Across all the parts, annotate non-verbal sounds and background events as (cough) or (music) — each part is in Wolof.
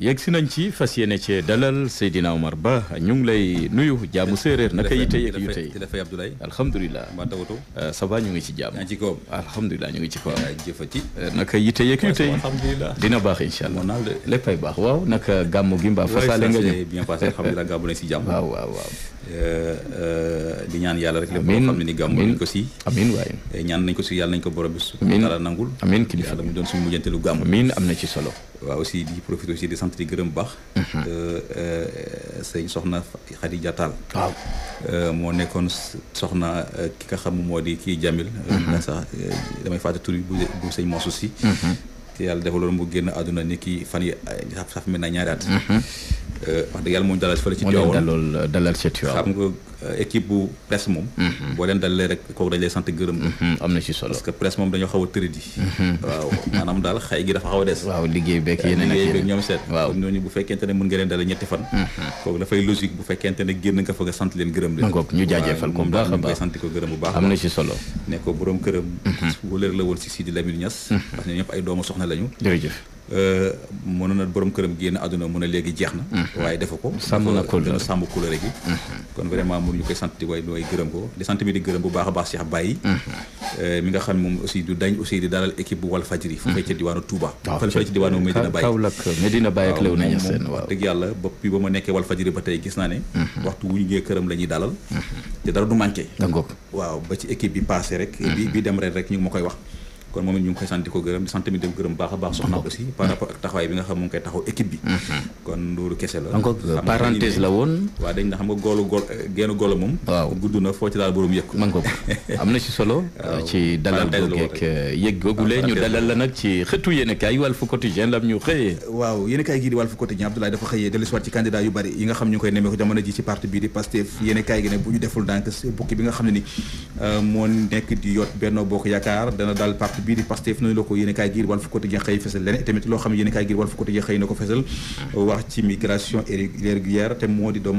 yegg si nañ ci fas yéene cee dalal Seydina Omar Ba ñu ngi lay nuyu jaamu séeréer naka yi tey ak yu tey dafay Abdoulaye alhamdulilah maa tawatu euh, ça va ñu ngi ci jàmm ci kawam alhamdulilah ñu ngi ci kawam jëfati euh, naka yi tey ak yu tey alhamdulilah dina baax incha allah léppay baax waaw naka gàmmu gi mbaa fasaale nga ñu bien passé alhamdulilah gàmmu nañ si jàmm waaw waaw waaw euh, di ñaan yàlla rek lépp loo xam ne ko si amin waaye eh, ñaan nañ ko si yàlla nañ ko borom bi subhanahu wa taala nangul amin kilifa yàlla mu doon suñu mujjante lu gàmmu amin am na ci solo waaw aussi di profité aussi di sant di gërëm baax. Mhm. Euh, euh, sëñ soxna Khady Diatal. waaw euh, moo nekkoon soxna ki nga xam moo di kii Jamil. Mhm. sax damay fàtte tur bu bu sëñ Mansour si. Mhm. te yàlla defaloon mu génn àdduna ni kii fan yi sax mi na ñaari Euh, wax dëgg yàlla moo ñu dalal fële ci Tivaouane euh, dalal ci Tivaouane xam nga euh, équipe bu presse moom mm-hmm. boo leen dalalee rek kooku dañ lay sant gërëm mm-hmm. am na ci mm-hmm. daal xëy gi dafa xaw a des waaw liggéey beeg yeneen ak yeneen liggéey bu fekkente ne mën nga leen dalal ñetti fan kooku dafay logique bu fekkente ne génn leen gërëm leen ñu jaajëfal ko bu baax a baax sant ko gërëm bu baax am na ci solo ne ko borom këram wóolër la woon si Sidi Lamine Niass parce que ñëpp ay doomu soxna lañu Euh, mënoon na borom këram génn àdduna mu ne léegi jeex na. Mhm. waaye defu ko. sàmm na couleur dina sàmm couleur gi. Mhm. kon vraiment mënuñu koy sant di nooy gërëm ko di sant mi di gërëm bu baax a baax Cheikh Baye. Mhm. Euh, mi nga xam moom aussi du dañ aussi di dalal équipe bu Walfadjri. fu fekkee diwaanu Touba. waaw fële ci diwaanu Medina Baye Kaolack Medina Baye ak Léona Niassène waaw dëgg yàlla boppi ba ma nekkee Walfadjri ba ne. waxtu wu ñu ngee këram la ñuy dalal. te dara du manqué. waaw ba ci équipe bi passé rek. bi bi dem ren rek ñu ngi ma koy wax kon moom it ñu ngi koy sant di ko gërëm baax a baax soxna aussi par rapport ak taxawaay bi nga xam mu mhm. (laughs) ngi koy taxaw équipe bii di Pastef yéen bu ñu deful donc bukki bi nga xam ne ni euh, moo nekk di yot Benno Bokk Yaakaar dana dal parti bii di Pastef noonu la ko yéen giir Walf Quotidien ko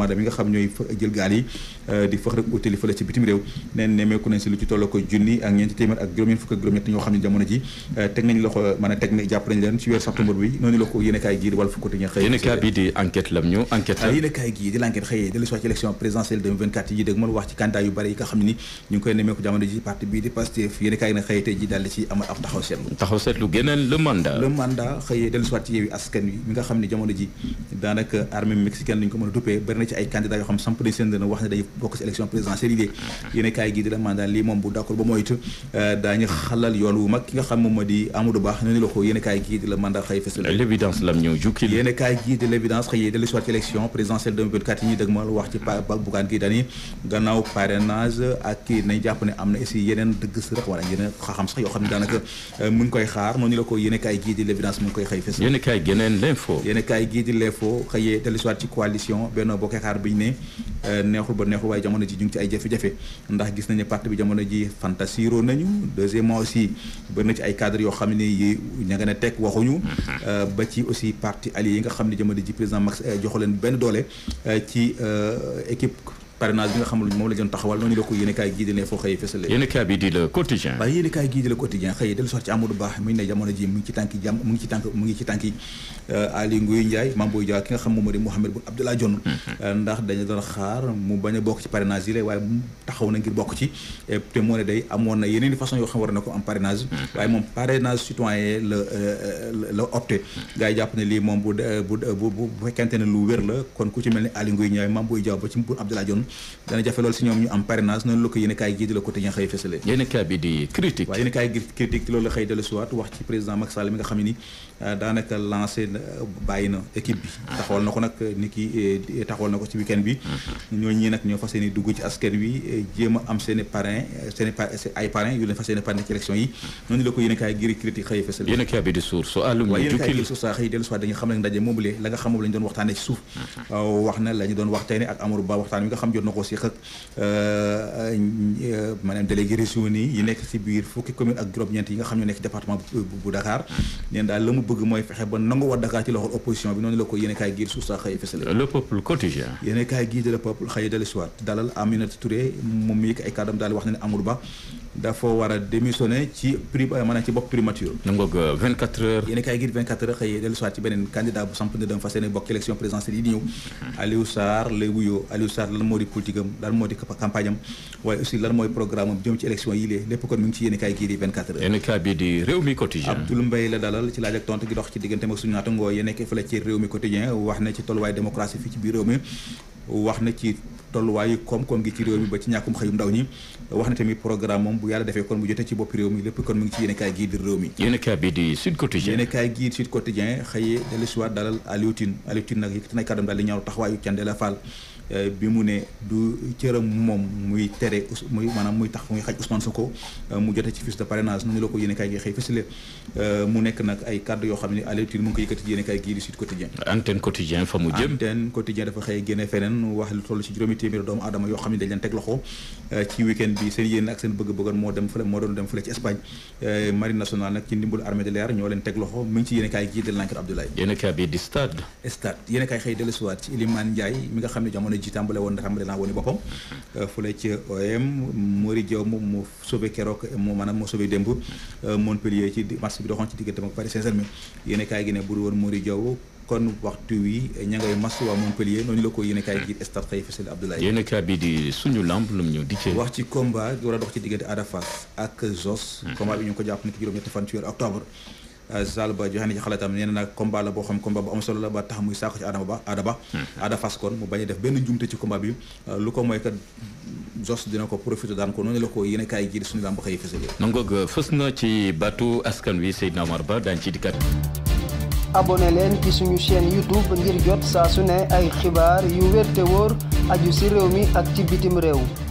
te nga xam ñooy jël gaal yi xam ne jamono giir Walf la euh, yéen kaay gii di l'enquête xëyee dellu ci élection présidentielle 2024 yi dëgg mën wax ci candidat yu bari yi nga xam ni ñu koy nemeeku jamono ji parti bii di Pastef yéen kaay na xëy tey ji daal ci amal ab taxaw seetlu. taxaw geneen le mandat. le mandat xëyee dellu soit ci yeewi askan wi mi nga xam ne jamono ji daanaka armée mexicaine lañ ko mën a duppee bari ci ay candidats euh, yoon wu mag ki nga xam moom di Amadou Ba ñu ne la ko gii di la mandat xëy fës l'évidence lam ñëw jukkil yéen a kaay gii di l'évidence xëyee dellu soit ci élection présidentielle 2024 yi ñuy dëgmal wax ci pa Bougane Gueye Dany gannaaw parrainage ak daanaka euh, mu ngi koy xaar noonu la ko yéenekaay gii di l'évidence mu ngi koy xëy fës yéenekaay geneen l'info yéenekaay gii di l'info xëyee dellusiwaat ci coalition Benno Bokk Yaakaar bi ñu ne euh, neexul ba neexul waaye jamono ji ñu ngi ci ay jafe-jafe ndax gis nañu parti bi jamono ji fantasiro nañu deuxièmement aussi bëri na ci ay cadres yoo xam ne yi ña nga ne tek waxuñu euh, ba ci aussi parti allié yi nga xam ne jamono ji président Max joxu leen benn doole ci équipe parrainage bi nga xamul moom la doon taxawal noonu la ko yéen kaay gii di ne foo xëy fësale yéen quotidien waaye yéen kaay gii di le quotidien xëy dellu sox ci Amadou Ba mu ne jamono ji mu ngi ci tànki mu ngi ci tànk mu ngi ci tànki euh, Aly mm-hmm. euh, a bokk ci na ngir bokk ci te moo amoon na yeneen façon yoo na ko am parrainage mm-hmm. waaye moom parrainage citoyen la euh, la opté mm-hmm. gars jàpp ne lii moom bu bu bu fekkente ne lu wér la kon ku ci mel ni Aly Ngouille Ndiaye Mame Boye Diao ba ci Boun Abdallah Dionne dana jafe lool si ñoom ñu am parrainage noonu la ko yéen a kaay gii di la côté ña xëy fësale yéen kaay bi di critique waaw yéen a kaay gi critique ci loolu la xëy dellusiwaat xam ne ni euh, daanaka lancé la nga xam moom doon waxtaane ci suuf mm-hmm. wax na la doon waxtaane ak Amadou Ba waxtaan wi nga xam jot na ko si xëkk euh, euh, maanaam délégué région nii yi nekk si biir fukki commune ak juróom-ñeent yi nga xam ne nekk département bu Dakar neen daal la mu bëgg mooy fexe ba nangu war Dakar ci loxol opposition bi noonu la ko yéen kaay giir suuf saa xëy fësale le peuple quotidien yéen kaay gii de le peuple xëy dellusiwaat dalal Aminata Touré moom mi yëkk ay kàddam daal wax na ne Amadou Ba dafa war a démissionné ci pri euh, maanaam ci bopp primature. na nga ko 24 heures. yéen a kaay gi 24 heures xëy dellu soit ci beneen candidat bu samp ne dama fas yéene bokk élection présidentielle yi di ñëw. (laughs) Aliou Sarr lay wuyoo Aliou Sarr lan moo di lan moo di waaye aussi lan mooy programme jëm ci élection yi lépp kon mi ngi ci yéen a kaay gi di 24 heures. yéen a di réew mi quotidien. Abdoul Mbaye la dalal ci laaj ak gi dox na ci ci. tolluwaayu koom-koom gi ci réew mi ba ci ñàkkum xëyum ndaw ñi wax na tamit programme moom bu yàlla defee kon bu jotee ci bopp réew mi lépp kon mu ngi ci yéenekaay gii di réew mi yéenekaay bi di Sud Quotidien yéenekaay gii Sud Quotidien xëyee dellusiwaat dalal Aliou Tine Aliou Tine nag yëkkati na kàddam daal di ñaaw taxawaayu Thiendella Fall Euh, bi mu ne du cëram moom muy tere muy muy tax muy xaj Ousmane Sonko euh, mu jote ci fiche de parrainage euh, mu nekk nag ay kàddu yoo xam ne à mu ngi ko yëkkati ci kaay gii de l'air ñoo leen bi di stade stade yéene kaay xëy ci Ilimane Ndiaye mi nga xam ne jamono ci tàmbale woon tàmbale naa woon boppam mm-hmm. euh, fële ci OM Mori Diaw moom moo sauvé keroog moo maanaam moo sauvé démb mm-hmm. euh, Montpellier ci match bi doxoon ci diggante ak Paris Saint-Germain yéen gi ne bu woon Mori Diaw kon waxtu wi ña ngay mas waa Montpellier noonu la ko yéen kaay gi stade xëy fësal Abdoulaye yéen kaay di suñu lamb lu mu ñëw wax ci combat war a dox ci diggante Ada ak Zos mm-hmm. combat bi ñu ko jàpp nit juróom-ñetti fan ci Sall euh, ba joxe na ci xalaatam nee na nag combat la boo xam combat bu am la ba tax muy saako ci Adama Ba hmm. Ada Ba Ada Fass mu bañ def benn njumte ci combat bi euh, lu ko mooy kat dina ko profité daan ko noonu la ko yéen a kaay ji di suñu lamb xëy fësale nangoog euh, fës ci baatu askan wi Seydina Omar Ba daañu ci dikkat abonné leen ci suñu chaîne YouTube ngir jot saa su ne ay xibaar yu wér te wóor aju si réew mi ak ci bitim réew